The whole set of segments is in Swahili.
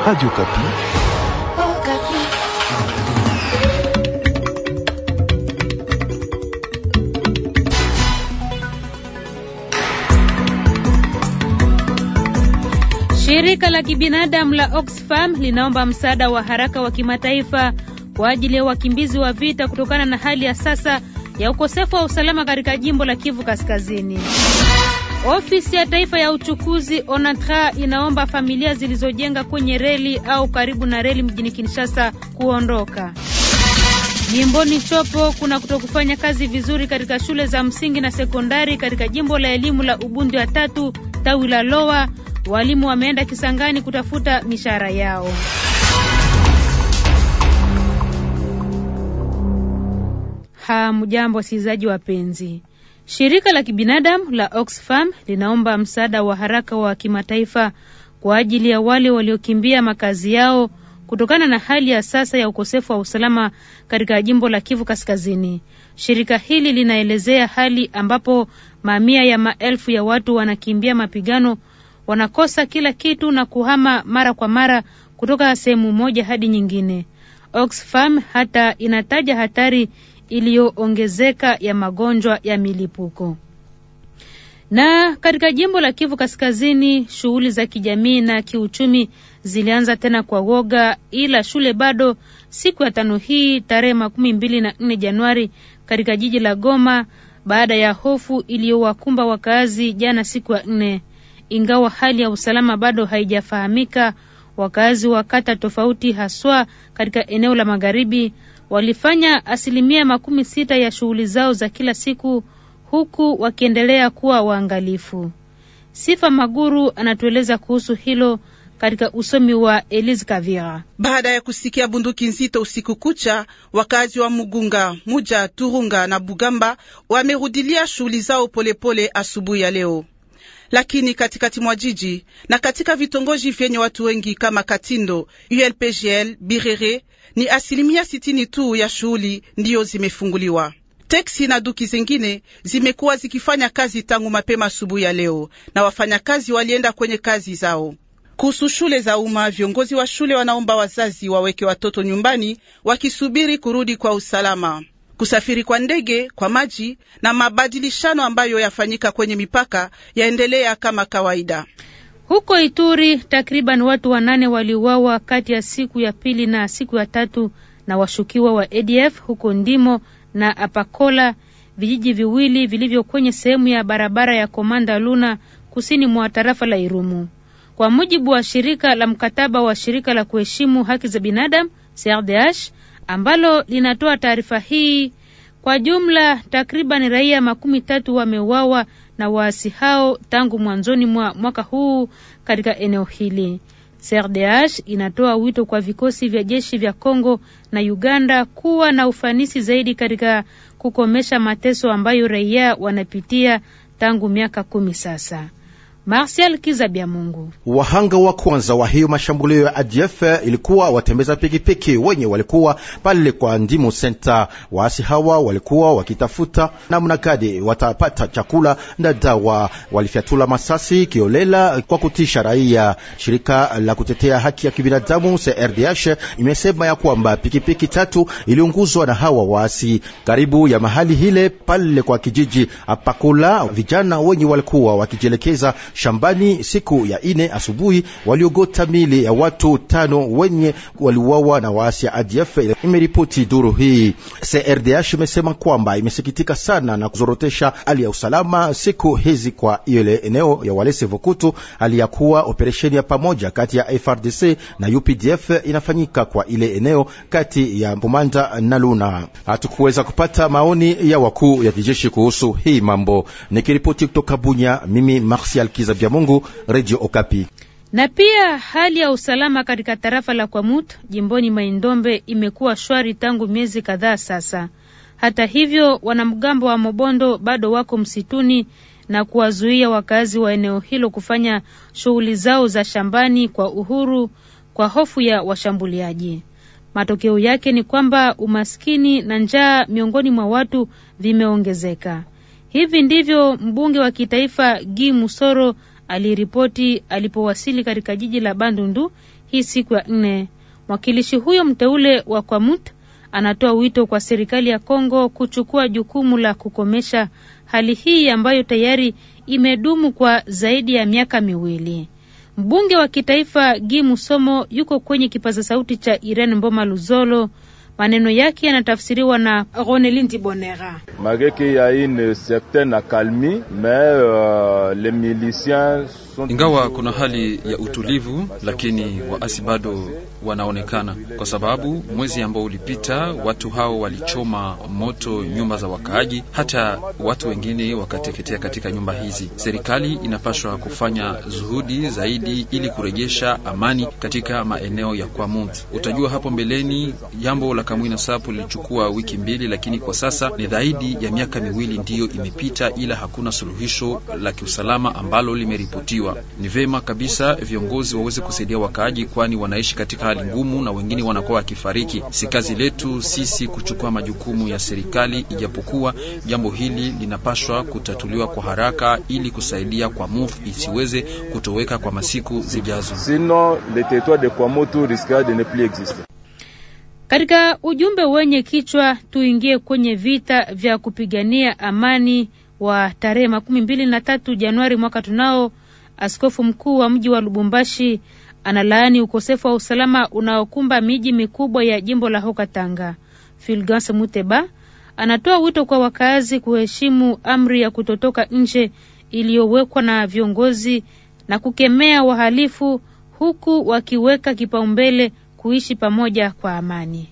Radio Okapi. Oh, Shirika la kibinadamu la Oxfam linaomba msaada wa haraka wa kimataifa kwa ajili ya wakimbizi wa vita kutokana na hali ya sasa ya ukosefu wa usalama katika jimbo la Kivu Kaskazini. Ofisi ya Taifa ya Uchukuzi ONATRA inaomba familia zilizojenga kwenye reli au karibu na reli mjini Kinshasa kuondoka. Jimboni Chopo kuna kutokufanya kazi vizuri katika shule za msingi na sekondari katika jimbo la elimu la Ubundi wa tatu tawi la Loa. Walimu wameenda Kisangani kutafuta mishahara yao. Hamjambo wasikilizaji wapenzi. Shirika la kibinadamu la Oxfam linaomba msaada wa haraka wa kimataifa kwa ajili ya wale waliokimbia makazi yao kutokana na hali ya sasa ya ukosefu wa usalama katika jimbo la Kivu Kaskazini. Shirika hili linaelezea hali ambapo mamia ya maelfu ya watu wanakimbia mapigano, wanakosa kila kitu na kuhama mara kwa mara kutoka sehemu moja hadi nyingine. Oxfam hata inataja hatari iliyoongezeka ya magonjwa ya milipuko. Na katika jimbo la Kivu Kaskazini, shughuli za kijamii na kiuchumi zilianza tena kwa woga, ila shule bado siku ya tano hii tarehe makumi mbili na nne Januari katika jiji la Goma baada ya hofu iliyowakumba wakaazi jana siku ya nne. Ingawa hali ya usalama bado haijafahamika, wakaazi wa kata tofauti, haswa katika eneo la magharibi, walifanya asilimia makumi sita ya shughuli zao za kila siku huku wakiendelea kuwa waangalifu. Sifa Maguru anatueleza kuhusu hilo katika usomi wa Elise Kavira. Baada ya kusikia bunduki nzito usiku kucha, wakazi wa Mugunga, Muja, Turunga na Bugamba wamerudilia shughuli zao polepole asubuhi ya leo lakini katikati mwa jiji na katika vitongoji vyenye watu wengi kama Katindo, ULPGL, Birere ni asilimia sitini tu ya shughuli ndiyo zimefunguliwa. Teksi na duki zingine zimekuwa zikifanya kazi tangu mapema asubuhi ya leo, na wafanyakazi walienda kwenye kazi zao. Kuhusu shule za umma, viongozi wa shule wanaomba wazazi waweke watoto nyumbani wakisubiri kurudi kwa usalama kusafiri kwa ndege, kwa maji na mabadilishano ambayo yafanyika kwenye mipaka yaendelea kama kawaida. Huko Ituri, takriban watu wanane waliuawa kati ya siku ya pili na siku ya tatu na washukiwa wa ADF huko Ndimo na Apakola, vijiji viwili vilivyo kwenye sehemu ya barabara ya Komanda Luna kusini mwa tarafa la Irumu, kwa mujibu wa shirika la mkataba wa shirika la kuheshimu haki za binadamu CRDH ambalo linatoa taarifa hii. Kwa jumla takriban raia makumi tatu wameuawa na waasi hao tangu mwanzoni mwa mwaka huu katika eneo hili. CRDH inatoa wito kwa vikosi vya jeshi vya Kongo na Uganda kuwa na ufanisi zaidi katika kukomesha mateso ambayo raia wanapitia tangu miaka kumi sasa. Marsial Kizabia Mungu. Wahanga wa kwanza wa hiyo mashambulio ya ADF ilikuwa watembeza pikipiki wenye walikuwa pale kwa ndimu senta. Waasi hawa walikuwa wakitafuta namna gani watapata chakula na dawa, walifyatula masasi kiolela kwa kutisha raia. Shirika la kutetea haki ya kibinadamu CRDH imesema ya kwamba pikipiki tatu iliunguzwa na hawa waasi karibu ya mahali hile pale kwa kijiji Apakula, vijana wenye walikuwa wakijielekeza shambani siku ya ine asubuhi, waliogota mili ya watu tano wenye waliuawa na waasi ya ADF, imeripoti duru hii. CRDH imesema kwamba imesikitika sana na kuzorotesha hali ya usalama siku hizi kwa ile eneo ya Walese Vokutu, hali ya kuwa operesheni ya pamoja kati ya FRDC na UPDF inafanyika kwa ile eneo kati ya Mbumanda na Luna. Hatukuweza kupata maoni ya wakuu ya kijeshi kuhusu hii mambo. Nikiripoti kutoka Bunya, mimi Martial haki vya Mungu, Radio Okapi. Na pia hali ya usalama katika tarafa la Kwamut jimboni Maindombe imekuwa shwari tangu miezi kadhaa sasa. Hata hivyo, wanamgambo wa Mobondo bado wako msituni na kuwazuia wakazi wa eneo hilo kufanya shughuli zao za shambani kwa uhuru kwa hofu ya washambuliaji. Matokeo yake ni kwamba umaskini na njaa miongoni mwa watu vimeongezeka. Hivi ndivyo mbunge wa kitaifa Gi Musoro aliripoti alipowasili katika jiji la Bandundu hii siku ya nne. Mwakilishi huyo mteule wa Kwamut anatoa wito kwa serikali ya Kongo kuchukua jukumu la kukomesha hali hii ambayo tayari imedumu kwa zaidi ya miaka miwili. Mbunge wa kitaifa Gi Musomo yuko kwenye kipaza sauti cha Irene Mboma Luzolo Maneno yake yanatafsiriwa na Ronelin euh, sont... Ingawa kuna hali ya utulivu, lakini waasi bado wanaonekana, kwa sababu mwezi ambao ulipita watu hao walichoma moto nyumba za wakaaji, hata watu wengine wakateketea katika nyumba hizi. Serikali inapaswa kufanya zuhudi zaidi ili kurejesha amani katika maeneo ya Kwamuth. Utajua hapo mbeleni jambo la Kamwina Sapu lilichukua wiki mbili, lakini kwa sasa ni zaidi ya miaka miwili ndiyo imepita, ila hakuna suluhisho la kiusalama ambalo limeripotiwa. Ni vema kabisa viongozi waweze kusaidia wakaaji, kwani wanaishi katika hali ngumu na wengine wanakuwa wakifariki. Si kazi letu sisi kuchukua majukumu ya serikali, ijapokuwa jambo hili linapashwa kutatuliwa kwa haraka ili kusaidia kwa MUF isiweze kutoweka kwa masiku zijazo. Katika ujumbe wenye kichwa tuingie kwenye vita vya kupigania amani wa tarehe makumi mbili na tatu Januari mwaka tunao, askofu mkuu wa mji wa Lubumbashi Analaani ukosefu wa usalama unaokumba miji mikubwa ya jimbo la hokatanga Tanga. Fulgence Muteba anatoa wito kwa wakazi kuheshimu amri ya kutotoka nje iliyowekwa na viongozi na kukemea wahalifu huku wakiweka kipaumbele kuishi pamoja kwa amani.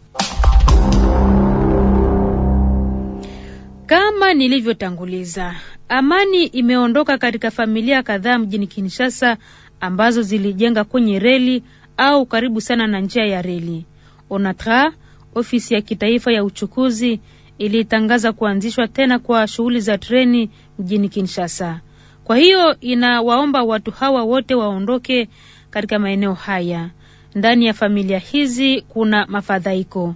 Kama nilivyotanguliza, amani imeondoka katika familia kadhaa mjini Kinshasa ambazo zilijenga kwenye reli au karibu sana na njia ya reli. ONATRA, ofisi ya kitaifa ya uchukuzi, ilitangaza kuanzishwa tena kwa shughuli za treni mjini Kinshasa. Kwa hiyo inawaomba watu hawa wote waondoke katika maeneo haya. Ndani ya familia hizi kuna mafadhaiko,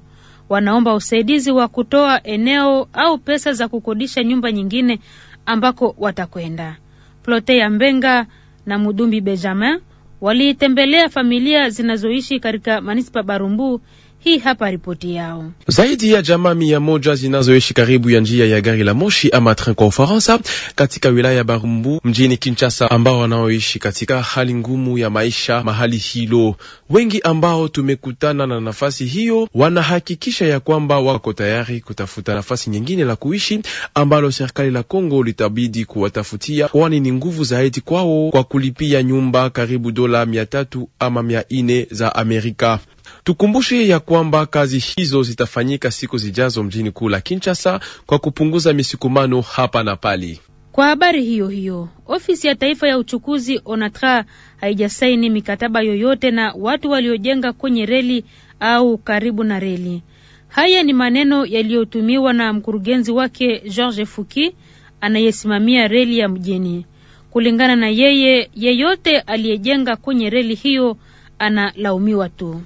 wanaomba usaidizi wa kutoa eneo au pesa za kukodisha nyumba nyingine ambako watakwenda. Plote ya Mbenga na Mudumbi Benjamin waliitembelea familia zinazoishi katika manispa Barumbu hii hapa ripoti yao. Zaidi ya jamaa mia moja zinazoishi karibu ya njia ya gari la moshi ama tren kwa Ufaransa, katika wilaya ya Barumbu mjini Kinshasa, ambao wanaoishi katika hali ngumu ya maisha mahali hilo. Wengi ambao tumekutana na nafasi hiyo wanahakikisha ya kwamba wako tayari kutafuta nafasi nyingine la kuishi ambalo serikali la Kongo litabidi kuwatafutia, kwani ni nguvu zaidi kwao kwa kulipia nyumba karibu dola mia tatu ama mia nne za Amerika. Tukumbushe ya kwamba kazi hizo zitafanyika siku zijazo mjini kuu la Kinshasa kwa kupunguza misukumano hapa na pale. Kwa habari hiyo hiyo, ofisi ya taifa ya uchukuzi ONATRA haijasaini mikataba yoyote na watu waliojenga kwenye reli au karibu na reli. Haya ni maneno yaliyotumiwa na mkurugenzi wake George Fuki anayesimamia reli ya mjini. Kulingana na yeye, yeyote aliyejenga kwenye reli hiyo analaumiwa tu.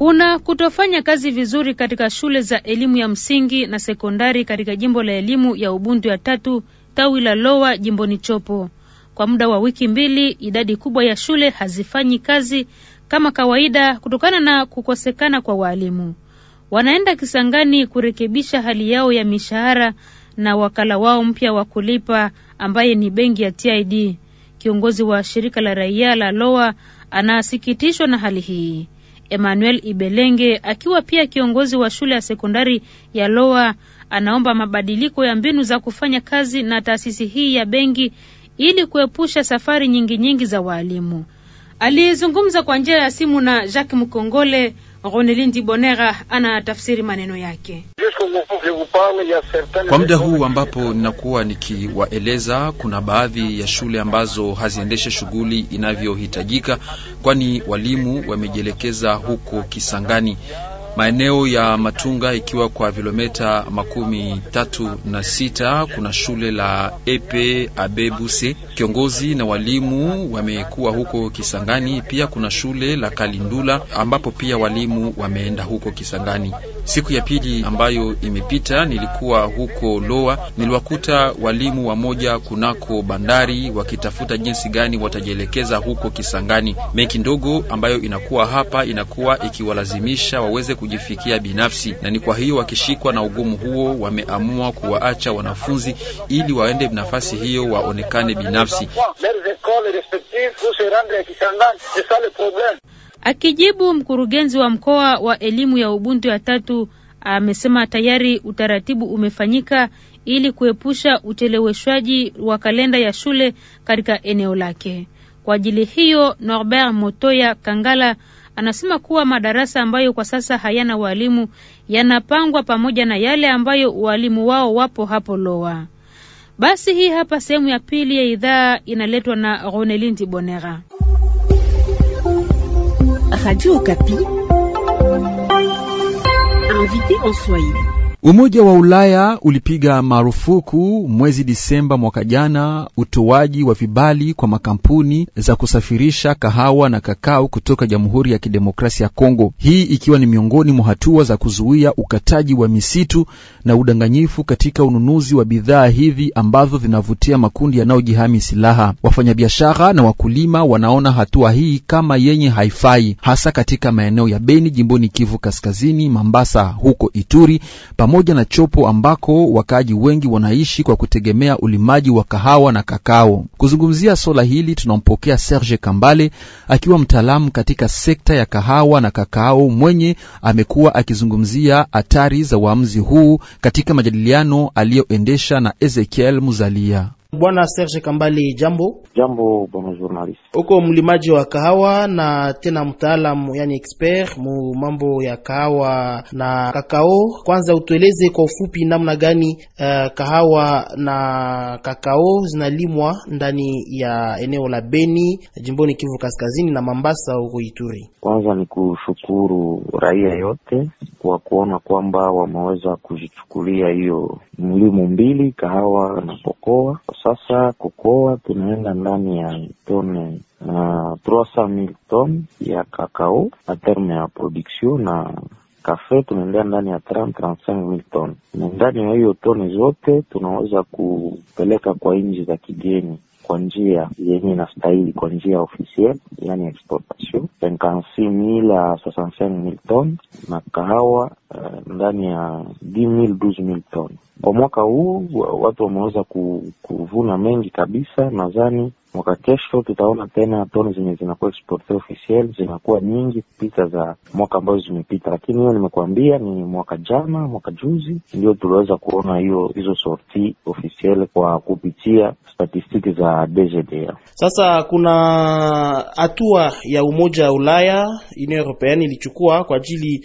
Kuna kutofanya kazi vizuri katika shule za elimu ya msingi na sekondari katika jimbo la elimu ya Ubundu ya tatu tawi la Lowa jimboni Chopo. Kwa muda wa wiki mbili, idadi kubwa ya shule hazifanyi kazi kama kawaida kutokana na kukosekana kwa waalimu. Wanaenda Kisangani kurekebisha hali yao ya mishahara na wakala wao mpya wa kulipa ambaye ni benki ya TID. Kiongozi wa shirika la raia la Lowa anasikitishwa na hali hii. Emmanuel Ibelenge akiwa pia kiongozi wa shule ya sekondari ya Loa anaomba mabadiliko ya mbinu za kufanya kazi na taasisi hii ya benki ili kuepusha safari nyingi nyingi za waalimu. Aliyezungumza kwa njia ya simu na Jacques Mkongole, Ronelindi Bonera anatafsiri maneno yake. Kwa muda huu ambapo ninakuwa nikiwaeleza, kuna baadhi ya shule ambazo haziendeshe shughuli inavyohitajika, kwani walimu wamejielekeza huko Kisangani maeneo ya Matunga ikiwa kwa vilometa makumi tatu na sita kuna shule la Epe Abebuse. Kiongozi na walimu wamekuwa huko Kisangani, pia kuna shule la Kalindula ambapo pia walimu wameenda huko Kisangani. Siku ya pili ambayo imepita nilikuwa huko Loa, niliwakuta walimu wamoja kunako bandari wakitafuta jinsi gani watajielekeza huko Kisangani. Meki ndogo ambayo inakuwa hapa inakuwa ikiwalazimisha waweze kujifikia binafsi, na ni kwa hiyo wakishikwa na ugumu huo wameamua kuwaacha wanafunzi ili waende nafasi hiyo waonekane binafsi. Akijibu, mkurugenzi wa mkoa wa elimu ya Ubuntu ya tatu amesema tayari utaratibu umefanyika ili kuepusha ucheleweshwaji wa kalenda ya shule katika eneo lake. Kwa ajili hiyo, Norbert Motoya Kangala anasema kuwa madarasa ambayo kwa sasa hayana walimu yanapangwa pamoja na yale ambayo walimu wao wapo hapo Loa. Basi hii hapa sehemu ya pili ya idhaa inaletwa na Ronelindi bonera Radio Okapi, invité en Swahili. Umoja wa Ulaya ulipiga marufuku mwezi Disemba mwaka jana utoaji wa vibali kwa makampuni za kusafirisha kahawa na kakao kutoka Jamhuri ya Kidemokrasia ya Kongo, hii ikiwa ni miongoni mwa hatua za kuzuia ukataji wa misitu na udanganyifu katika ununuzi wa bidhaa hivi ambazo zinavutia makundi yanayojihami silaha. Wafanyabiashara na wakulima wanaona hatua hii kama yenye haifai, hasa katika maeneo ya Beni, jimboni Kivu Kaskazini, Mambasa huko Ituri pamoja na Chopo ambako wakaaji wengi wanaishi kwa kutegemea ulimaji wa kahawa na kakao. Kuzungumzia swala hili, tunampokea Serge Kambale akiwa mtaalamu katika sekta ya kahawa na kakao, mwenye amekuwa akizungumzia hatari za uamuzi huu katika majadiliano aliyoendesha na Ezekiel Muzalia. Bwana Serge Kambali, jambo jambo. Bwana journalist, uko mlimaji wa kahawa na tena mtaalamu yani expert mu mambo ya kahawa na kakao. Kwanza utueleze kwa ufupi namna gani uh, kahawa na kakao zinalimwa ndani ya eneo la Beni jimboni Kivu Kaskazini na Mambasa huko Ituri. Kwanza ni kushukuru raia yote kwa kuona kwamba wameweza kujichukulia hiyo mlimo mbili kahawa na pokoa sasa kukoa tunaenda ndani ya tone uh, 300000 ton ya kakao na terme ya production na kafe tunaendea ndani ya 30 35000 ton, na ndani ya hiyo tone zote tunaweza kupeleka kwa nchi za kigeni kwa njia yenye inastahili kwa njia officiel, yani exportation cinquante-six mille a soixante na kahawa uh, ndani ya dix mil douze mil ton kwa mwaka huu. Watu wameweza kuvuna mengi kabisa, nadhani Mwaka kesho tutaona tena toni zenye zinakuwa exporte officiel zinakuwa nyingi kupita za mwaka ambazo zimepita, lakini hiyo nimekuambia ni mwaka jana, mwaka juzi ndio tuliweza kuona hiyo hizo sorti officiel kwa kupitia statistiki za DGDA. Sasa kuna hatua ya Umoja wa Ulaya Union Europeenne ilichukua kwa ajili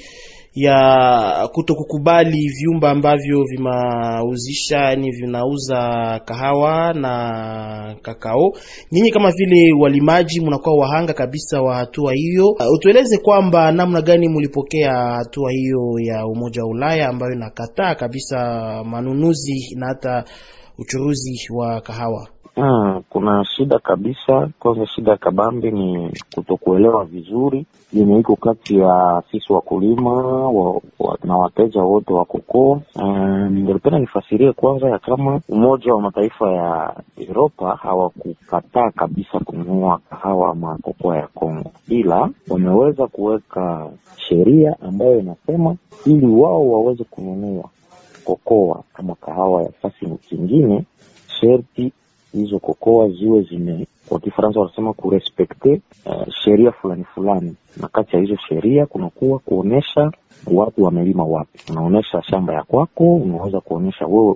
ya kutokukubali vyumba ambavyo vimauzisha yani vinauza kahawa na kakao. Nyinyi kama vile walimaji mnakuwa wahanga kabisa wa hatua hiyo, uh, utueleze kwamba namna gani mulipokea hatua hiyo ya Umoja wa Ulaya ambayo inakataa kabisa manunuzi na hata uchuruzi wa kahawa. Mm, kuna shida kabisa. Kwanza shida ya kabambi ni kutokuelewa vizuri yenye iko kati ya sisi wakulima wa, wa, na wateja wote wa kokoa Ningelipenda um, nifasirie kwanza ya kama Umoja wa Mataifa ya Uropa hawakukataa kabisa kununua kahawa ama kokoa ya Kongo, ila wameweza kuweka sheria ambayo inasema ili wao waweze kununua kokoa ama kahawa ya fasi kingine sherti hizo kokoa ziwe zime kwa Kifaransa wanasema kurespekte uh, eh, sheria fulani fulani, na kati ya hizo sheria kunakuwa kuonyesha watu wamelima wapi. Unaonyesha shamba ya kwako, unaweza kuonyesha wewe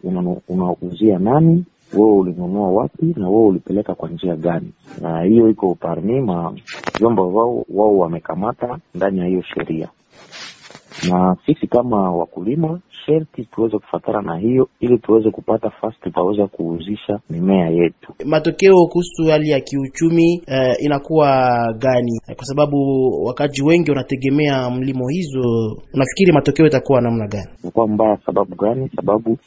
unauzia una nani wewe ulinunua wapi na wewe ulipeleka kwa njia gani, na hiyo iko parmi ma vyombo wao wao wamekamata ndani ya hiyo sheria na sisi kama wakulima sherti tuweze kufatana na hiyo, ili tuweze kupata fasi tutaweza kuuzisha mimea yetu. Matokeo kuhusu hali ya kiuchumi eh, inakuwa gani? Eh, kwa sababu wakaji wengi wanategemea mlimo hizo, unafikiri matokeo itakuwa namna gani? Inakuwa mbaya sababu gani? Sababu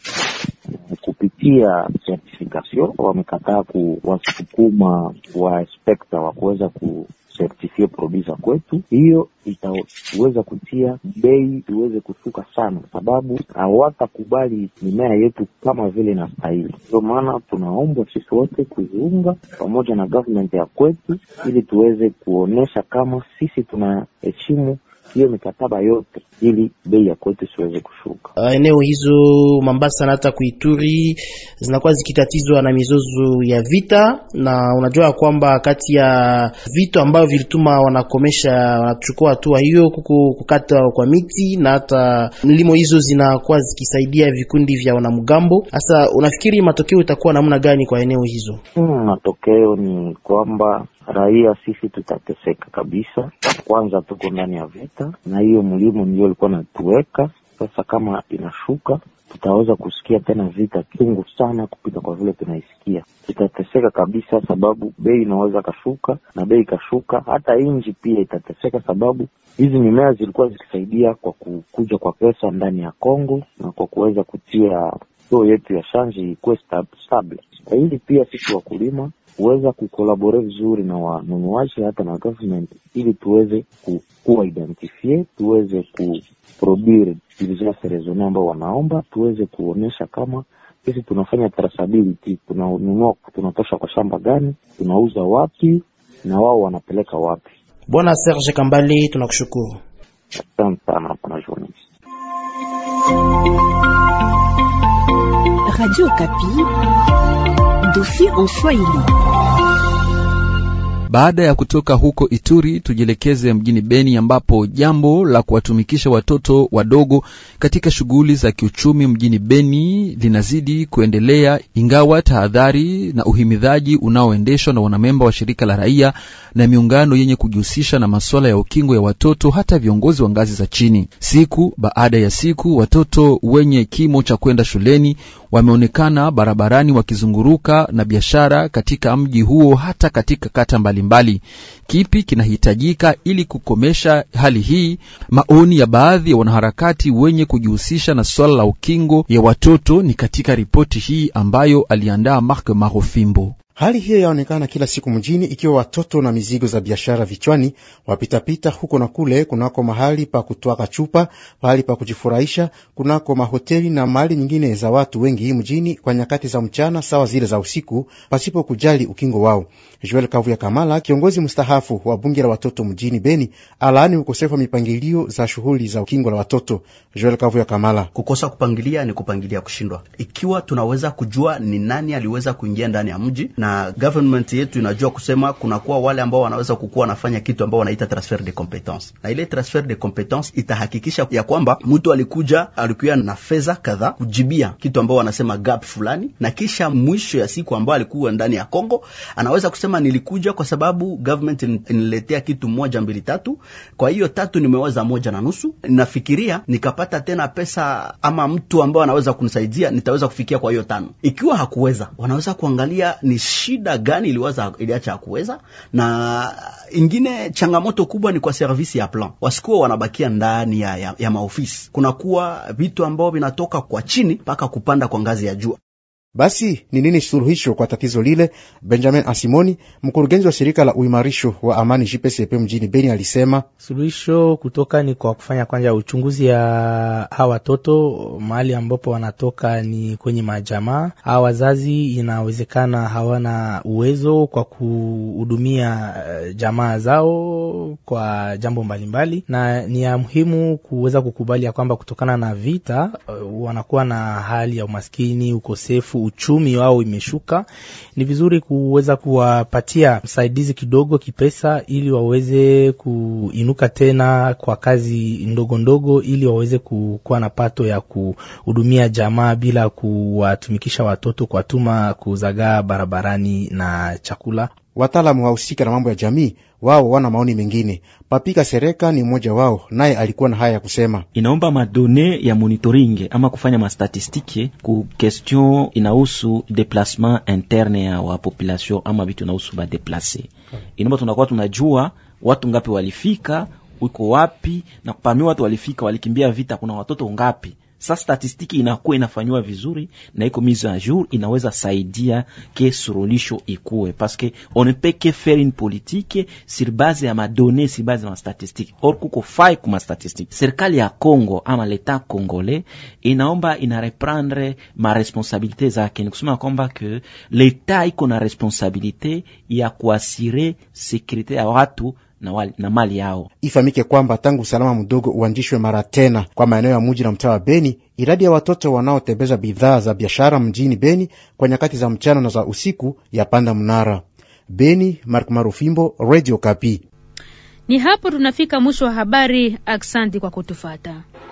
eh, kupitia certification wamekataa kuwasukuma waspekta wa kuweza ku tusertifie produsa kwetu, hiyo itaweza kutia bei iweze kushuka sana, sababu hawatakubali mimea yetu kama vile inastahili. Ndio maana tunaombwa sisi wote kuziunga pamoja na government ya kwetu, ili tuweze kuonyesha kama sisi tunaheshimu hiyo mikataba yote ili bei ya kote siweze kushuka. Uh, eneo hizo Mambasa na hata Kuituri zinakuwa zikitatizwa na mizozo ya vita, na unajua kwamba kati ya vitu ambavyo vilituma wanakomesha wanachukua hatua hiyo kuko kukata kwa miti na hata mlimo hizo zinakuwa zikisaidia vikundi vya wanamgambo. Sasa unafikiri matokeo itakuwa namna gani kwa eneo hizo? Hmm, matokeo ni kwamba raia sisi tutateseka kabisa. Kwanza tuko ndani ya vita, na hiyo mlimo ndio ilikuwa natuweka sasa. Kama inashuka, tutaweza kusikia tena vita chungu sana kupita kwa vile tunaisikia. Tutateseka kabisa, sababu bei inaweza kashuka, na bei ikashuka, hata inji pia itateseka, sababu hizi mimea zilikuwa zikisaidia kwa kukuja kwa pesa ndani ya Kongo na kwa kuweza kutia so yetu ya shanji ikuwe stable. Hili pia sisi wakulima kuweza kukolabore vizuri na wanunuaji hata na government, ili tuweze kuwa identifie, tuweze kuproduire diligence raisonne ambao wanaomba, tuweze kuonyesha kama sisi tunafanya traceability, tunanunua tunatosha kwa shamba gani, tunauza wapi na wao wanapeleka wapi. Bwana Serge Kambali, tunakushukuru. Asante sana bwana journalist. Radio Kapi, dossier en Swahili. Baada ya kutoka huko Ituri, tujielekeze mjini Beni ambapo jambo la kuwatumikisha watoto wadogo katika shughuli za kiuchumi mjini Beni linazidi kuendelea, ingawa tahadhari na uhimidhaji unaoendeshwa na wanamemba wa shirika la raia na miungano yenye kujihusisha na masuala ya ukingo ya watoto, hata viongozi wa ngazi za chini. Siku baada ya siku, watoto wenye kimo cha kwenda shuleni wameonekana barabarani wakizunguruka na biashara katika mji huo hata katika kata mbalimbali. Kipi kinahitajika ili kukomesha hali hii? Maoni ya baadhi ya wanaharakati wenye kujihusisha na swala la ukingo ya watoto ni katika ripoti hii ambayo aliandaa Mark Marofimbo. Hali hiyo yaonekana kila siku mjini, ikiwa watoto na mizigo za biashara vichwani wapitapita huko na kule, kunako mahali pa kutwaka chupa, pahali pa kujifurahisha, kunako mahoteli na mali nyingine za watu wengi mjini, kwa nyakati za mchana sawa zile za usiku, pasipo kujali ukingo wao. Joel Kavu ya Kamala, kiongozi mstahafu wa bunge la watoto mjini Beni, alaani ukosefu wa mipangilio za shughuli za ukingo la watoto. Joel Kavu ya Kamala: kukosa kupangilia ni kupangilia kushindwa. Ikiwa tunaweza kujua ni nani aliweza kuingia ndani ya mji na government yetu inajua kusema kunakuwa wale ambao wanaweza kukuwa wanafanya kitu ambao wanaita transfer de competence, na ile transfer de competence itahakikisha ya kwamba mtu alikuja alikuwa na fedha kadhaa kujibia kitu ambao wanasema gap fulani, na kisha mwisho ya siku ambao alikuwa ndani ya Kongo anaweza kusema nilikuja kwa sababu government niletea kitu moja mbili tatu, kwa hiyo tatu nimeweza moja na nusu, nafikiria nikapata tena pesa ama mtu ambao anaweza kunisaidia nitaweza kufikia kwa hiyo tano. Ikiwa hakuweza wanaweza kuangalia ni shida gani iliwaza iliacha kuweza, na ingine changamoto kubwa ni kwa servisi ya plan, wasikuwa wanabakia ndani ya, ya, ya maofisi. Kunakuwa vitu ambavyo vinatoka kwa chini mpaka kupanda kwa ngazi ya juu. Basi ni nini suluhisho kwa tatizo lile? Benjamin Asimoni, mkurugenzi wa shirika la uimarisho wa amani JPCP mjini Beni, alisema suluhisho kutoka ni kwa kufanya kwanza uchunguzi ya hawa watoto mahali ambapo wanatoka ni kwenye majamaa. Hawa wazazi inawezekana hawana uwezo kwa kuhudumia eh, jamaa zao kwa jambo mbalimbali, na ni ya muhimu kuweza kukubali ya kwamba kutokana na vita eh, wanakuwa na hali ya umaskini, ukosefu uchumi wao imeshuka, ni vizuri kuweza kuwapatia msaidizi kidogo kipesa, ili waweze kuinuka tena kwa kazi ndogo ndogo, ili waweze kuwa na pato ya kuhudumia jamaa bila kuwatumikisha watoto kwa tuma kuzagaa barabarani na chakula. Wataalamu wahusika na mambo ya jamii wao wana maoni mengine. Papika Sereka ni mmoja wao, naye alikuwa na haya ya kusema: inaomba madone ya monitoring ama kufanya mastatistike ku question inahusu deplacement interne ya wa population ama vitu inahusu ba deplace. Inaomba tunakuwa tunajua watu ngapi walifika uko wapi, na kupamia watu walifika walikimbia vita, kuna watoto ngapi sa statistiki inakuwa inafanywa vizuri na iko mise a jour, inaweza saidia ke surulisho ikuwe, paske on ne peut que faire une politique sur base ya madone, sur base ya mastatistiki. Or kuko fai kuma statistiki. Serikali ya Congo ama leta congolais inaomba ma responsabilite zake, nikusema kwamba ke leta iko na responsabilite ya kuasire sekurite ya watu na, wali, na mali yao. Ifahamike kwamba tangu usalama mdogo uanzishwe mara tena kwa maeneo ya muji na mtaa wa Beni, idadi ya watoto wanaotembeza bidhaa za biashara mjini Beni kwa nyakati za mchana na za usiku ya panda mnara. Beni, Mark Marufimbo, Radio Kapi. Ni hapo tunafika mwisho wa habari. Aksanti kwa kutufata.